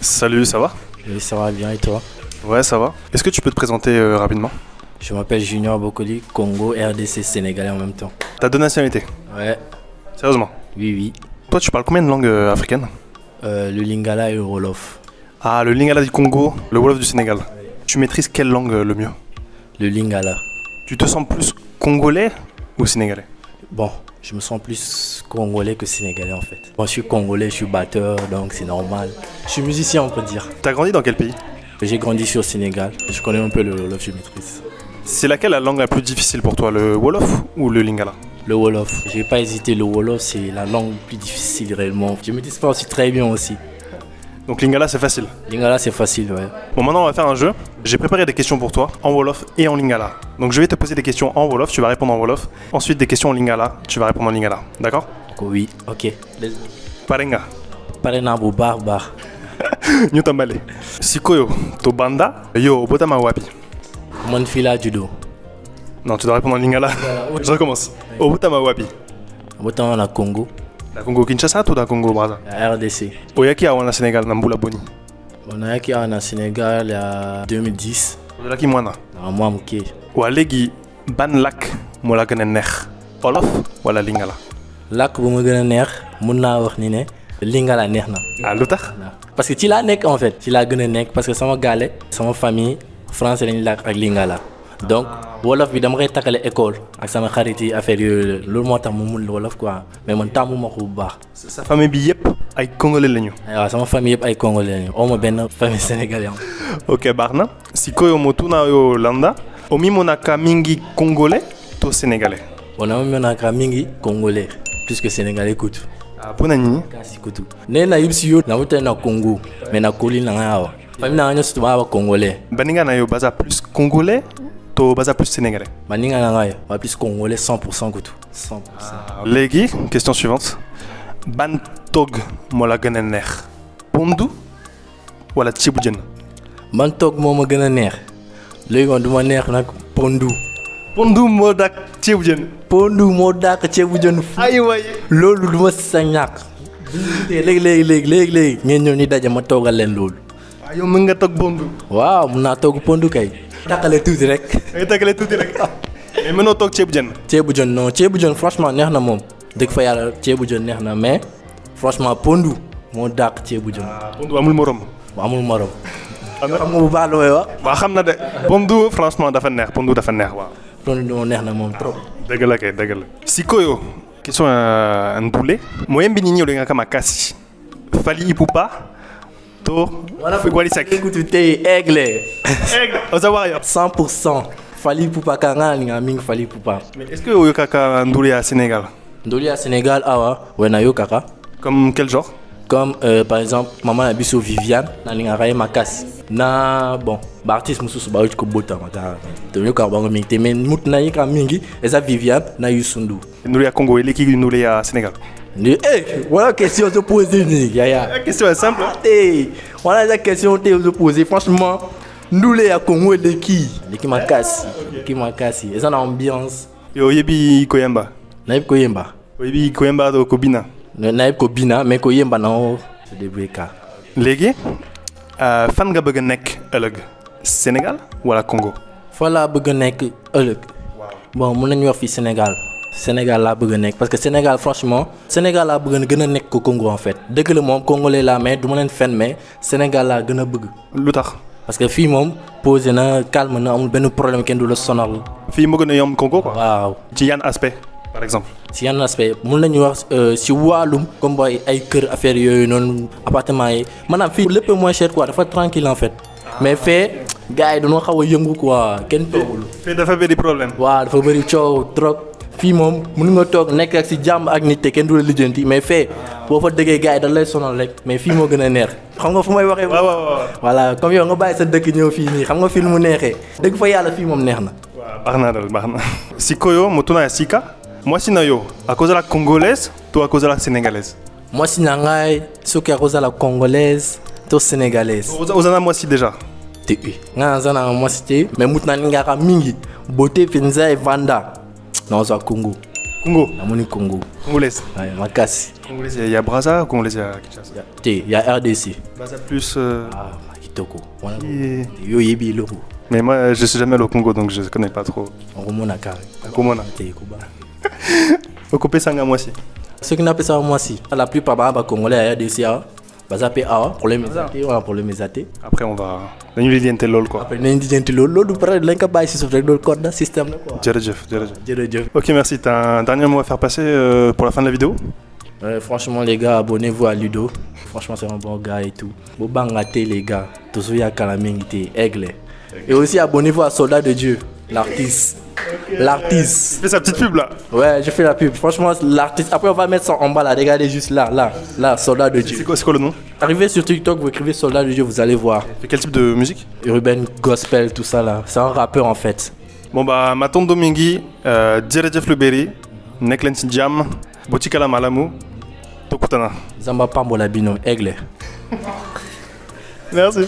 Salut, ça va Oui, ça va bien et Est-ce que tu peux te présenter euh, rapidement Je m'appelle Junior Bokoli, Congo, RDC, Sénégalais en même temps. T'as deux nationalités Sérieusement Oui, oui. Toi, tu parles combien de langues euh, euh, Le Lingala et le Wolof. Ah, le Lingala du Congo, le Wolof du Sénégal. Tu maîtrises quelle langue euh, le mieux Le Lingala. Tu te sens plus congolais ou sénégalais je me sens plus congolais que sénégalais en fait. Moi je suis congolais, je suis batteur, donc c'est normal. Je suis musicien on peut dire. T'as grandi dans quel pays J'ai grandi sur Sénégal, je connais un peu le Wolof, je maîtrise. C'est laquelle la langue la plus difficile pour toi, le Wolof ou le Lingala le Wolof. Je n'ai pas hésité, le Wolof c'est la langue plus difficile réellement. Je maîtrise pas aussi très bien aussi. Donc Lingala, c'est facile. Lingala, c'est facile, ouais. Bon, maintenant, on va faire un jeu. J'ai préparé des questions pour toi en Wolof et en Lingala. Donc, je vais te poser des questions en Wolof, tu vas répondre en Wolof. Ensuite, des questions en Lingala, tu vas répondre en Lingala. D'accord Oui, ok. Parenga. Parenga, barbare. Nyutambale. Sikoyo, to banda, yo, botama wapi. Manfila judo. Non, tu dois répondre en Lingala. je recommence. Obutama wapi. Obutama la Congo. Dakongo Kinshasa to Dakongo Braza? RDC. Oyaki awa na Senegal na mbula boni? Onayaki awa na Senegal ya 2010. Ozalaki mwana? Na mwa moke. Walegi ban lak moo la gën a neex Wolof wala la Lak bu ma gën a neex mun naa wax ni ne Lingala neex na. ah lu tax. parce que ci laa nekk en fait. ci laa gën a nekk parce que sama gaale. sama famille français lañu làkk ak Lingala donc. wolof bi dama koy takkale école ak sama xarit yi affaire yooyu loolu moo tax mu mun wolof quoi mais man tàmmuma ko bu baax. sa famille bi yëpp ay congolais lañu. waaw sama famille yëpp ay congolais lañu aw ma benn famille sénégalaise ok baax na sikoyo motunayo landa omimonaka mingi congolais to sénégalais. onamonaka mingi congolais plus que sénégalais kutu. apona ah, nini? kasi kutu ne na yibisi yo namutali na congo me na koli nanga awa fami nanga nyonso tomaa ba congolais baninga na yo baza plus to baza plus sénégalais baninga na ngai ba plus congolais 100% kutu 100% ah, okay. léegi question suivante ban togg moo la gën a neex pondu wala ceebu jën ban togg moo ma gën a neex léegi du ma neex nag pondu pondu moo dàq ceebu jën pondu moo dàq ceebu jën fu ay loolu du ma sa ñàkk léegi léegi léegi léegi léegi ngeen ñëw ni daje ma toogal leen loolu waaw mën nga togg pondu waaw mun naa togg pondu kay tàqale tuuti rek. da ngay tàqale tuuti rek mais mënoo toog ceebu jën. ceebu jën non ceebu jën franchement neex na moom dëgg fa yàlla ceebu jën neex na mais franchement pondu moo dàq ceebu jën. Ah, pondu amul moroom amul morom. xam nga bu baax la may wax. waaw xam na de pondu franchement dafa neex pondu dafa neex waaw. pondu moo neex na moom trop. dëgg la kay dëgg la. Sikoyo. question euh, ndule. moyen bi ñu ñëw de nga kama kasi. fali ipupa. to Wally Seck ekutute aigle aigle oza warrior 100% fali pupa ka nga alinga mingi fali pupa mais est ce que oyokaka ndulu ya sénégal ndulu ya sénégal awa ah we nayokaka comme quel genre comme euh, par exemple mama na biso viviane nalingaka ye makasi na bon baartiste mosusu bayoki kobotama ta toyokaka bango mingi te mais mutu nayekaka mingi eza viviane na yusundu ndulu ya congo eleki ndulu ya sénégal Hey, eh, voilà la question de poser, Yaya. La question est simple. Ah, eh, hey, voilà la question que vous poser. Franchement, nous les à Congo et les qui Les qui m'acassent. Les qui m'acassent. Et ça, l'ambiance. Yo, yebi Koyemba. Naïb Koyemba. Yebi Koyemba de Kobina. Naïb Kobina, mais Koyemba, non. C'est des bricas. Légué, euh, fan ga bëgg nek ëlëg Sénégal wala Congo? Fa la bëgg nek ëlëg. Bon, mon nañu wax fi senegal Sénégal laa bëgg a nekk parce que Sénégal franchement Sénégal laa bëgg a gën a nekk ko Congo en fait dëgg la moom congolais laa mais du leen fen mais Sénégal laa gën a bëgg. lu tax. parce que fii moom posé na calme na amul benn problème kenn du la sonal. fii mu gën a yomb Congo quoi. waaw ci yan aspect par exemple. si yan aspect mun nañu wax si euh, wàllum comme ay kër affaire yooyu noonu appartement yi maanaam fii lépp moins cher quoi dafa tranquille en fait. Ah, mais fee gars yi dañoo xaw a yëngu quoi kenn toogul. fii moom mën nga toog nekk ak si jàmm ak nit te kenn du la lijjanti mais fee boo fa dëggee gars yi dañ lay sonal rek mais fii moo gën a neex xam nga fu may waxee. waaw waaw voilà comme yow nga bàyyi sa dëkk ñëw fii nii xam nga fii lu mu neexee dëgg fa yàlla fii moom neex na. waaw baax na daal baax na. Sikoyo motuna ya sika mwasina yo akozala congolaise to akozala sénégalaise. mwasi na ngai soki akozala congolaise to sénégalaise. oza na mwasi déjà. te nga na aza na mwasi te mais mutu na ningaka mingi beauté mpenza evanda. naozwa kungu kungu namoni kungu congolaise ouais, makasi congolaise ya braza congolaise ya te ya rdc braza plus euh... ah, kitoko wana Et... yo yebi eloko euh, je suis jamais allé au congo je connais pas trop okomona kare okomona te kuba okopesanga mwasi soki napesaka mwasi la plupart baa bacongolais ya rdc awa ba zappé awa ah problème a waaw problème zate après on va dañu lijjanti loolu quoi après nañu lijjanti loolu loolu du pare lañ ko bàyyi si suuf rek loolu code la système la quoi jërëjëf jërëjëf jërëjëf ok merci t'as un dernier mot à faire passer euh, pour de la vidéo euh, franchement les gars abonnez-vous à Ludo franchement c'est un bon gars et tout bu bàngaatee les gars toujours yaakaar naa mi ngi téye aigle et aussi abonnez-vous à Soldat de Dieu l'artiste Okay. L'artiste. Tu fais pub là. Ouais, je fais la pub. Franchement, l'artiste. Après, on va mettre ça en bas là. Regardez juste là, là, là, Soldat de Dieu. C'est quoi, quoi, le nom Arrivez sur TikTok, vous écrivez Soldat de Dieu, vous allez voir. quel type de musique Urban Gospel, tout ça là. C'est un rappeur en fait. Bon bah, Maton Domingi, euh, Jeff Leberry, Necklens Jam, Botikala Malamu, Tokutana. Zamba Pambolabino, Aigle. Merci.